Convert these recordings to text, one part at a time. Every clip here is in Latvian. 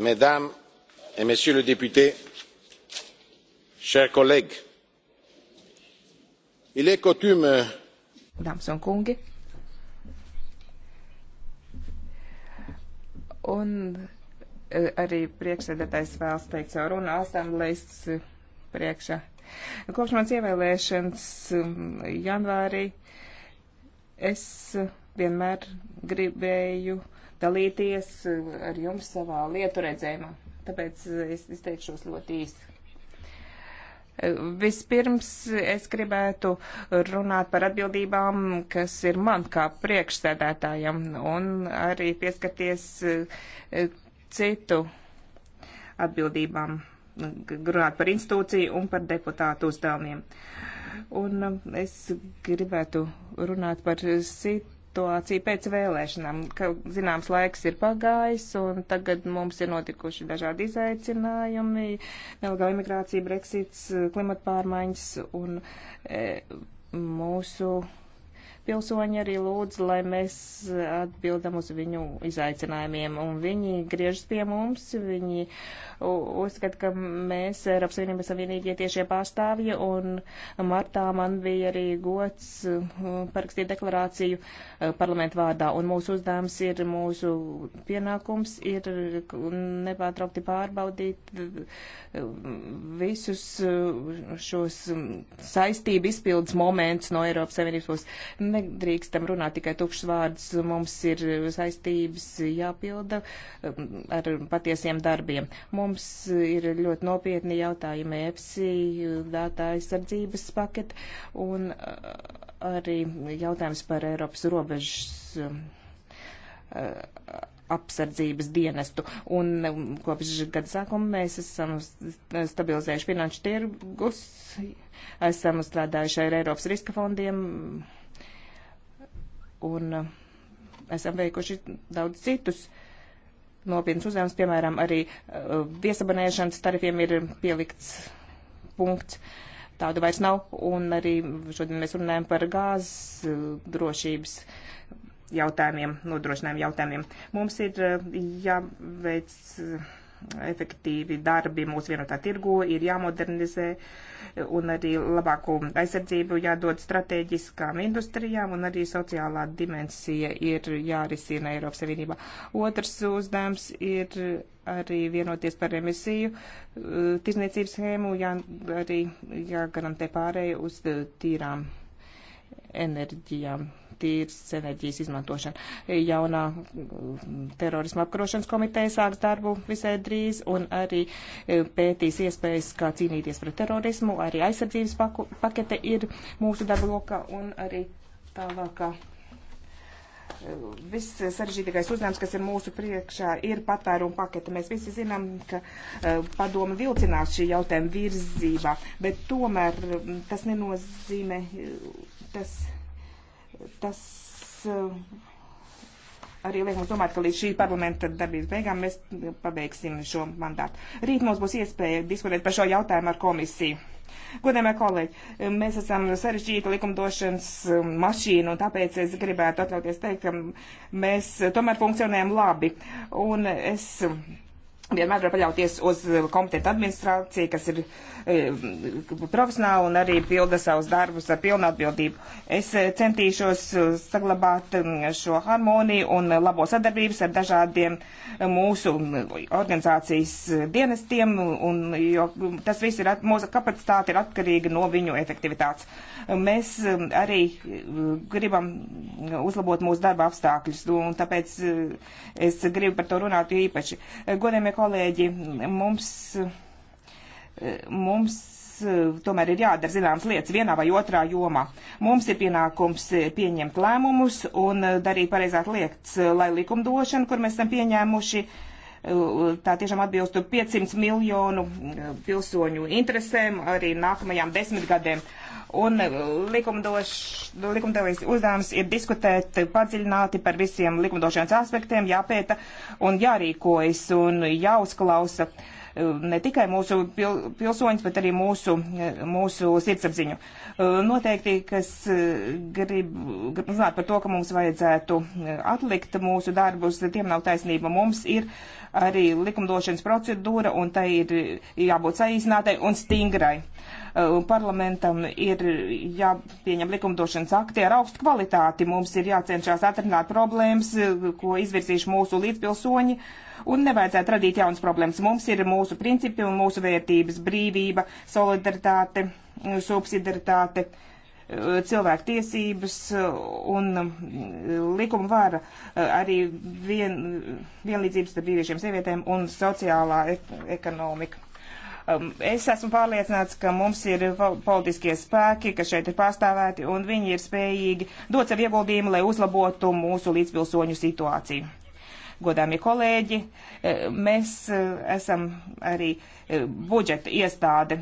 mesdames et messieurs les députés chers collègues il est coutume Dāmas un kungi. Un e, arī priekšsēdētājs vēlas teikt savu runu asamblejas priekšā. Kopš mans ievēlēšanas janvārī es vienmēr gribēju dalīties eh, ar jums savā lietu redzējumā. Tāpēc eh, es izteikšos ļoti īsi. Eh, vispirms es gribētu runāt par atbildībām, kas ir man kā priekšsēdētājam, un arī pieskarties citu atbildībām, runāt par institūciju un par deputātu uzdevumiem. Un es gribētu runāt par situāciju situāciju pēc vēlēšanām, ka zināms laiks ir pagājis un tagad mums ir notikuši dažādi izaicinājumi, nelegāla imigrācija, Brexits, klimata pārmaiņas un e, mūsu Pilsoņi arī lūdz, lai mēs atbildam uz viņu izaicinājumiem, un viņi griežas pie mums, viņi uzskata, ka mēs Eiropas Savienības Savienīgie tiešie pārstāvji, un martā man bija arī gods parakstīt deklarāciju parlamentu vārdā, un mūsu uzdevums ir, mūsu pienākums ir nepārtraukti pārbaudīt visus šos saistību izpildus momentus no Eiropas Savienības puses nedrīkstam runāt tikai tukšs vārds, mums ir saistības jāpilda um, ar patiesiem darbiem. Mums ir ļoti nopietni jautājumi EPSI, dāta aizsardzības paketa un uh, arī jautājums par Eiropas robežas um, uh, apsardzības dienestu. Un um, kopš gada sākuma mēs esam stabilizējuši finanšu tirgus, esam strādājuši ar Eiropas riska fondiem un eh, esam veikuši daudz citus nopietnus uzdevumus, piemēram, arī eh, viesabonēšanas tarifiem ir pielikts punkts. Tādu vairs nav, un arī šodien mēs runājam par gāzes eh, drošības jautājumiem, nodrošinājumu jautājumiem. Mums ir jāveic. Ja efektīvi darbi mūsu vienotā tirgu ir jāmodernizē un arī labāku aizsardzību jādod strateģiskām industrijām un arī sociālā dimensija ir jārisina Eiropas Savienībā. Otrs uzdevums ir arī vienoties par emisiju eh, tirzniecības schēmu, jā, arī jāgarantē pārēju uz eh, tīrām enerģijām tīras enerģijas izmantošanu. Jaunā mm, terorisma apkarošanas komiteja sāks darbu visai drīz un arī e, pētīs iespējas, kā cīnīties pret terorismu. Arī aizsardzības paku, pakete ir mūsu darba lokā un arī tālākā e, viss sarežģītākais uzdevums, kas ir mūsu priekšā, ir patēruma pakete. Mēs visi zinām, ka e, padoma vilcinās šī jautājuma virzībā, bet tomēr mm, tas nenozīmē, tas Tas eh, arī liek mums domāt, ka līdz šī parlamenta darbības beigām mēs pabeigsim šo mandātu. Rīt mums būs iespēja diskutēt par šo jautājumu ar komisiju. Godējumie kolēģi, mēs esam sarežģīta likumdošanas um, mašīna, un tāpēc es gribētu atļauties teikt, ka mēs tomēr funkcionējam labi. Un es vienmēr var paļauties uz kompetentu administrāciju, kas ir e, profesionāli un arī pilda savus darbus ar pilnu atbildību. Es e, centīšos e, saglabāt šo harmoniju un labo sadarbības ar dažādiem e, mūsu organizācijas dienestiem, un, jo tas viss ir, at, mūsu kapacitāte ir atkarīga no viņu efektivitātes. Mēs arī gribam uzlabot mūsu darba apstākļus, un tāpēc es gribu par to runāt īpaši. Godējumie kolēģi, mums, mums eh, tomēr ir jādara zināmas lietas vienā vai otrā jomā. Mums ir pienākums eh, pieņemt lēmumus un eh, darīt pareizāk lietas, lai likumdošana, kur mēs esam pieņēmuši, tā tiešām atbilstu 500 miljonu pilsoņu interesēm arī nākamajām desmitgadēm. gadiem Un likumdevējs uzdevums ir diskutēt padziļināti par visiem likumdošanas aspektiem, jāpēta un jārīkojas un jāuzklausa uh, ne tikai mūsu pil pilsoņus, bet arī mūsu, uh, mūsu sirdsapziņu. Uh, noteikti, kas grib, grib runāt par to, ka mums vajadzētu atlikt mūsu darbus, tiem nav taisnība. Mums ir arī likumdošanas procedūra, un tai ir jābūt saīsinātai un stingrai. Uh, Eh, parlamentam ir jāpieņem likumdošanas akti ar augstu kvalitāti. Mums ir jācenšas atrisināt problēmas, eh, ko izvirzīšu mūsu līdzpilsoņi, un nevajadzētu radīt jaunas problēmas. Mums ir mūsu principi un mūsu vērtības - brīvība, solidaritāte, subsidaritāte eh, cilvēku tiesības un mm, likuma vara, arī vien, vienlīdzības starp vīriešiem, sievietēm un sociālā e-, ekonomika. Um, es esmu pārliecināts, ka mums ir politiskie spēki, kas šeit ir pārstāvēti, un viņi ir spējīgi dot savu ieguldījumu, lai uzlabotu mūsu līdzpilsoņu situāciju godāmie kolēģi. Eh, mēs eh, esam arī eh, budžeta iestāde,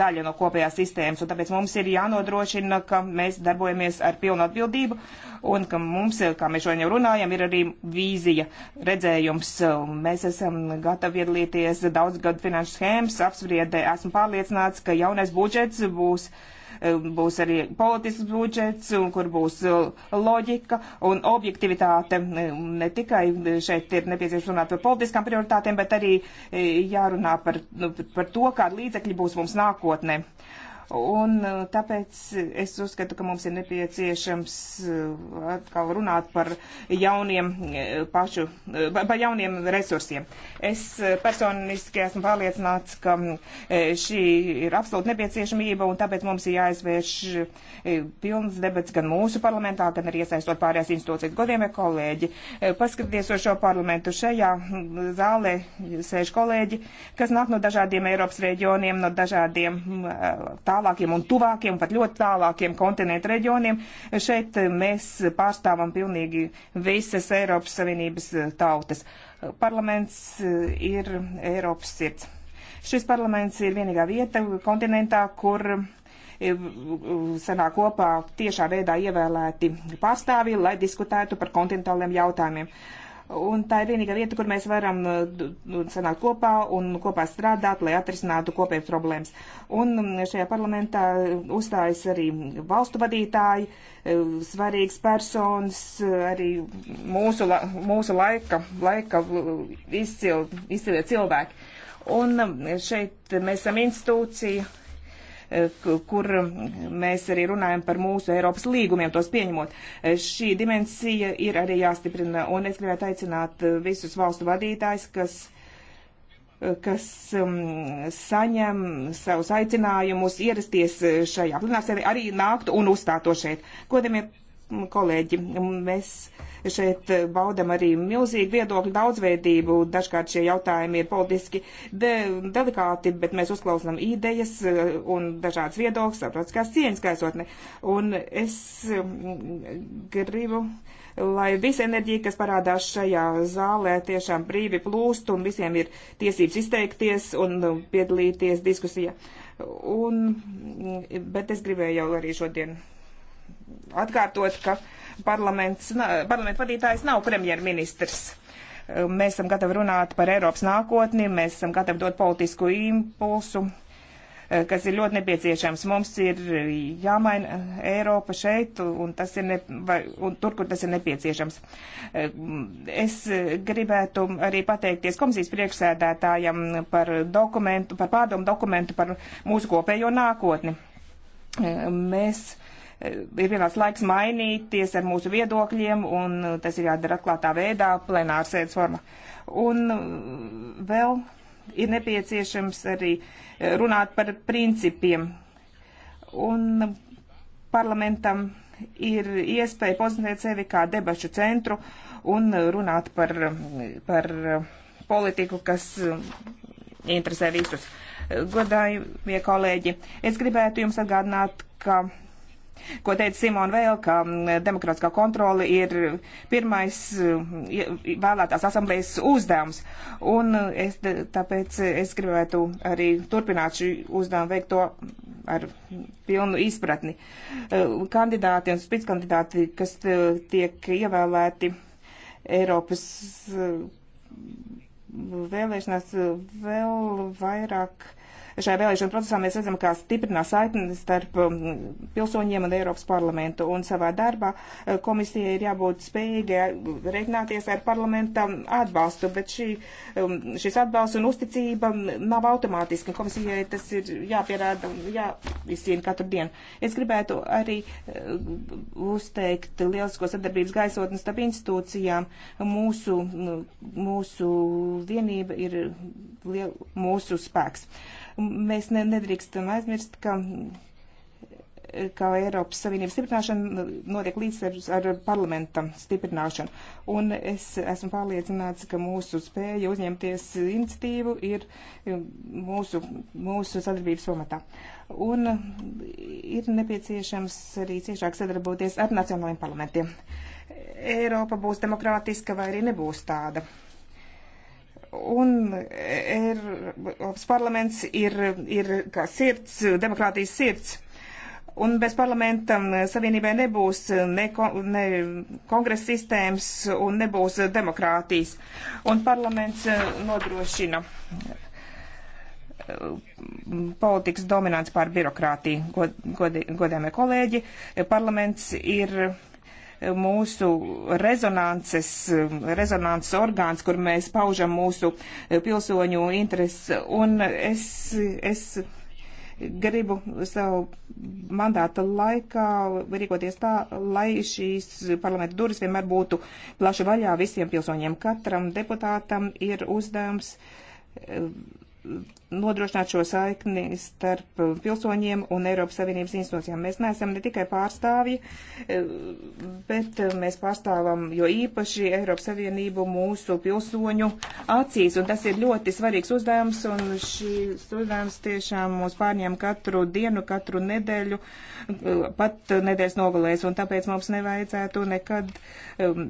daļa no kopējās sistēmas, un tāpēc mums ir jānodrošina, ka mēs darbojamies ar pilnu atbildību, un ka mums, kā mēs šodien jau runājam, ir arī vīzija, redzējums. Mēs esam gatavi piedalīties daudzgadu finanšu schēmas apspriedē. Esmu pārliecināts, ka jaunais budžets būs. Uh, Um, būs arī politisks budžets, un kur būs uh, loģika un objektivitāte. Um, ne tikai šeit ir nepieciešams runāt par politiskām prioritātēm, bet arī uh, jārunā par, nu, par to, kāda līdzekļi būs mums nākotnē. Un eh, tāpēc es uzskatu, ka mums ir nepieciešams eh, atkal runāt par jauniem, eh, pašu, par jauniem resursiem. Es personiski esmu pārliecināts, ka šī ir absolūta nepieciešamība un tāpēc mums ir jāizvērš pilns debats gan mūsu parlamentā, gan arī iesaistot pārējās institūcijas. Godījumie kolēģi, paskatieties uz šo parlamentu. Šajā mm, zālē sēž kolēģi, kas nāk no dažādiem Eiropas reģioniem, no dažādiem tā tālākiem un tuvākiem, pat ļoti tālākiem kontinentu reģioniem. Šeit mēs pārstāvam pilnīgi visas Eiropas Savienības eh, tautas. Parlaments eh, ir Eiropas sirds. Šis parlaments ir vienīgā vieta kontinentā, kur eh, sanā kopā tiešā veidā ievēlēti pārstāvji, lai diskutētu par kontinentāliem jautājumiem. Un tā ir vienīgā vieta, kur mēs varam eh, sanākt kopā un kopā strādāt, lai atrisinātu kopējas problēmas. Un mm, šajā parlamentā uzstājas arī valstu vadītāji, eh, svarīgs personas, arī mūsu, la, mūsu laika, laika izcili eh, izcil cilvēki. Un mm, šeit mēs esam institūcija, Eh, kur mēs arī runājam par mūsu Eiropas līgumiem, tos pieņemot. Eh, šī dimensija ir arī jāstiprina, un es gribētu aicināt eh, visus valstu vadītājs, kas kas um, saņem savus aicinājumus ierasties šajā plenārsēdē, arī nāktu un uzstāto šeit. Godamie kolēģi, mēs šeit baudam arī milzīgu viedokļu daudzveidību. Dažkārt šie jautājumi ir politiski de delikāti, bet mēs uzklausām idejas uh, un dažādas viedokļas, saprotiskās cieņas gaisotne. Un es um, gribu, lai visa enerģija, kas parādās šajā zālē, tiešām brīvi plūst un visiem ir tiesības izteikties un um, piedalīties diskusijā. Un, mm, bet es gribēju jau arī šodien atkārtot, ka parlamentu vadītājs nav premjerministrs. Mēs esam gatavi runāt par Eiropas nākotni, mēs esam gatavi dot politisku impulsu, kas ir ļoti nepieciešams. Mums ir jāmaina Eiropa šeit, un, tas ir ne, vai, un tur, kur tas ir nepieciešams. Es gribētu arī pateikties komisijas priekšsēdētājam par dokumentu, par pārdomu dokumentu par mūsu kopējo nākotni. Mēs ir pienācis laiks mainīties ar mūsu viedokļiem, un uh, tas ir jādara atklātā veidā, plenāra sēdes formā. Un uh, vēl ir nepieciešams arī uh, runāt par principiem. Un parlamentam ir iespēja pozicionēt sevi kā debašu centru un runāt par, um, par politiku, kas interesē visus. Godājumie kolēģi, es gribētu jums atgādināt, ka ko teica Simona Vēl, ka mm, demokrātiskā kontrole ir pirmais mm, vēlētās asamblējas uzdevums. Un mm, es, tāpēc es gribētu arī turpināt šī uzdevuma veikto ar pilnu izpratni. E, kandidāti un spitskandidāti, kas e, tiek ievēlēti Eiropas e, vēlēšanās vēl vairāk šajā vēlēšana procesā mēs redzam, kā stiprinās saiknes starp um, pilsoņiem un Eiropas parlamentu. Un savā darbā uh, komisija ir jābūt spējīgai uh, reiķināties ar parlamenta atbalstu, bet šī, um, šis atbalsts un uzticība um, nav automātiski. Komisijai tas ir jāpierāda, jāizcīna katru dienu. Es gribētu arī uh, uzteikt lielisko sadarbības gaisotni starp institūcijām. Mūsu, mūsu vienība ir liel, mūsu spēks. Uh, Mēs ne, nedrīkstam aizmirst, ka kā Eiropas Savienības stiprināšana notiek līdz ar, ar parlamenta stiprināšanu. Un es esmu pārliecināts, ka mūsu spēja uzņemties iniciatīvu ir mūsu, mūsu sadarbības pamatā. Un ir nepieciešams arī ciešāk sadarboties ar nacionālajiem parlamentiem. Eiropa būs demokrātiska vai arī nebūs tāda un er, Eiropas parlaments ir, ir kā sirds, demokrātijas sirds. Un bez parlamenta savienībai nebūs ne, kon, ne kongresa sistēmas un nebūs demokrātijas. Un parlaments nodrošina politikas dominants pār birokrātiju. God, god, godējumie kolēģi, parlaments ir mūsu rezonances, rezonances orgāns, kur mēs paužam mūsu pilsoņu intereses. Un es, es gribu savu mandāta laikā rīkoties tā, lai šīs parlamenta durvis vienmēr būtu plaši vaļā visiem pilsoņiem. Katram deputātam ir uzdevums nodrošināt šo saikni starp um, pilsoņiem un Eiropas Savienības institūcijām. Mēs neesam ne tikai pārstāvji, eh, bet eh, mēs pārstāvam jo īpaši Eiropas Savienību mūsu pilsoņu acīs, un tas ir ļoti svarīgs uzdevums, un šis uzdevums tiešām mūs pārņem katru dienu, katru nedēļu, eh, pat nedēļas nogalēs, un tāpēc mums nevajadzētu nekad um,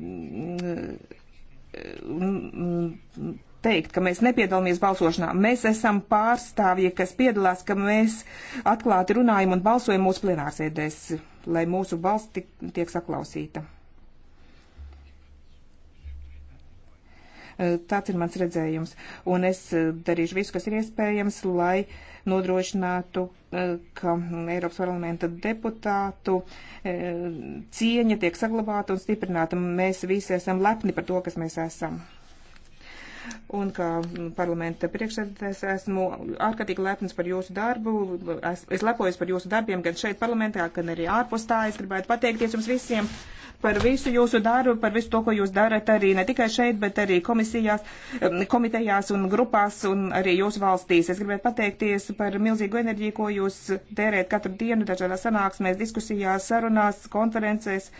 um, teikt, ka mēs nepiedalāmies balsošanā. Mēs esam pārstāvji, kas piedalās, ka mēs atklāti runājam un balsojam mūsu plenārsēdēs, lai mūsu balss tiek saklausīta. Tāds ir mans redzējums. Un es darīšu visu, kas ir iespējams, lai nodrošinātu, ka Eiropas parlamenta deputātu cieņa tiek saglabāta un stiprināta. Mēs visi esam lepni par to, kas mēs esam un kā parlamenta priekšsēdētājs esmu ārkārtīgi lepns par jūsu darbu. Es, es lepojos par jūsu darbiem gan šeit parlamentā, gan arī ārpus tā. Es gribētu pateikties jums visiem par visu jūsu darbu, par visu to, ko jūs darat arī ne tikai šeit, bet arī komisijās, komitejās un grupās un arī jūsu valstīs. Es gribētu pateikties par milzīgu enerģiju, ko jūs tērēt katru dienu dažādās sanāksmēs, diskusijās, sarunās, konferencēs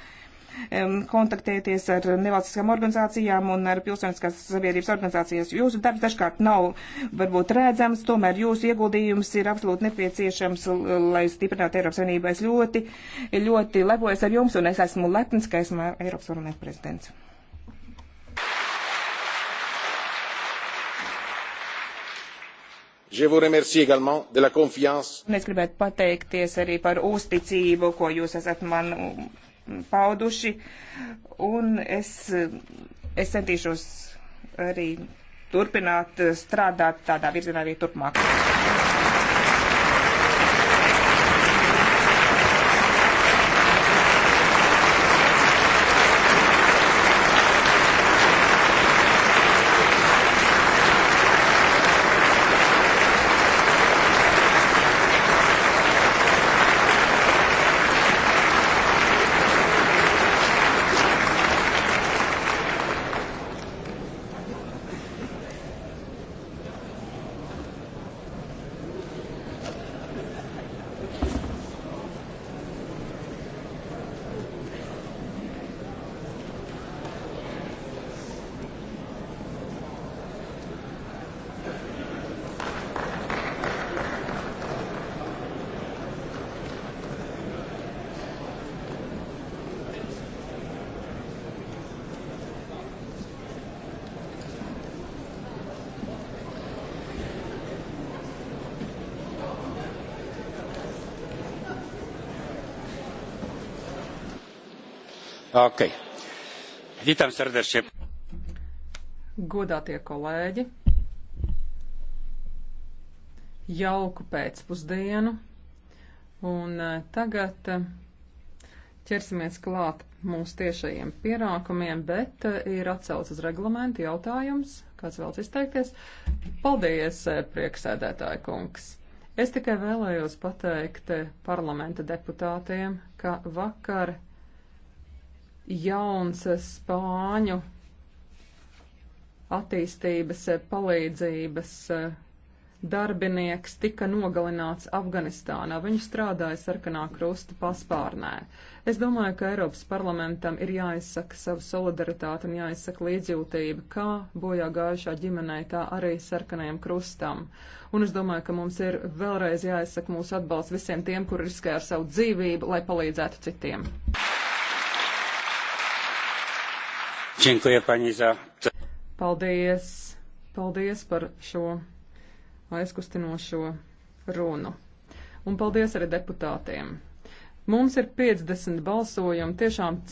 kontaktēties ar nevalstiskām organizācijām un ar pilsoniskās sabiedrības organizācijas. Jūsu darbs dažkārt nav varbūt redzams, tomēr jūsu ieguldījums ir absolūti nepieciešams, lai stiprinātu Eiropas Savienību. Es ļoti, ļoti lepojos ar jums un es esmu lepns, ka esmu Eiropas parlamenta prezidents. Es gribētu pateikties arī par uzticību, ko jūs esat man pauduši, un es, es centīšos arī turpināt strādāt tādā virzienā arī turpmāk. Okay. Witam serdecznie. Godātie kolēģi, jauku pēcpusdienu, un eh, tagad eh, ķersimies klāt mūsu tiešajiem pienākumiem, bet eh, ir atcelts uz reglamentu jautājums, kāds vēlas izteikties. Paldies, prieksēdētāja kungs! Es tikai vēlējos pateikt parlamenta deputātiem, ka vakar jauns spāņu attīstības palīdzības eh, darbinieks tika nogalināts Afganistānā. Viņš strādāja sarkanā krusta paspārnē. Es domāju, ka Eiropas parlamentam ir jāizsaka savu solidaritāti un jāizsaka līdzjūtība kā bojā gājušā ģimenei, tā arī sarkanajam krustam. Un es domāju, ka mums ir vēlreiz jāizsaka mūsu atbalsts visiem tiem, kur riskē ar savu dzīvību, lai palīdzētu citiem. Paldies! Paldies par šo aizkustinošo runu. Un paldies arī deputātiem. Mums ir 50 balsojumi, tiešām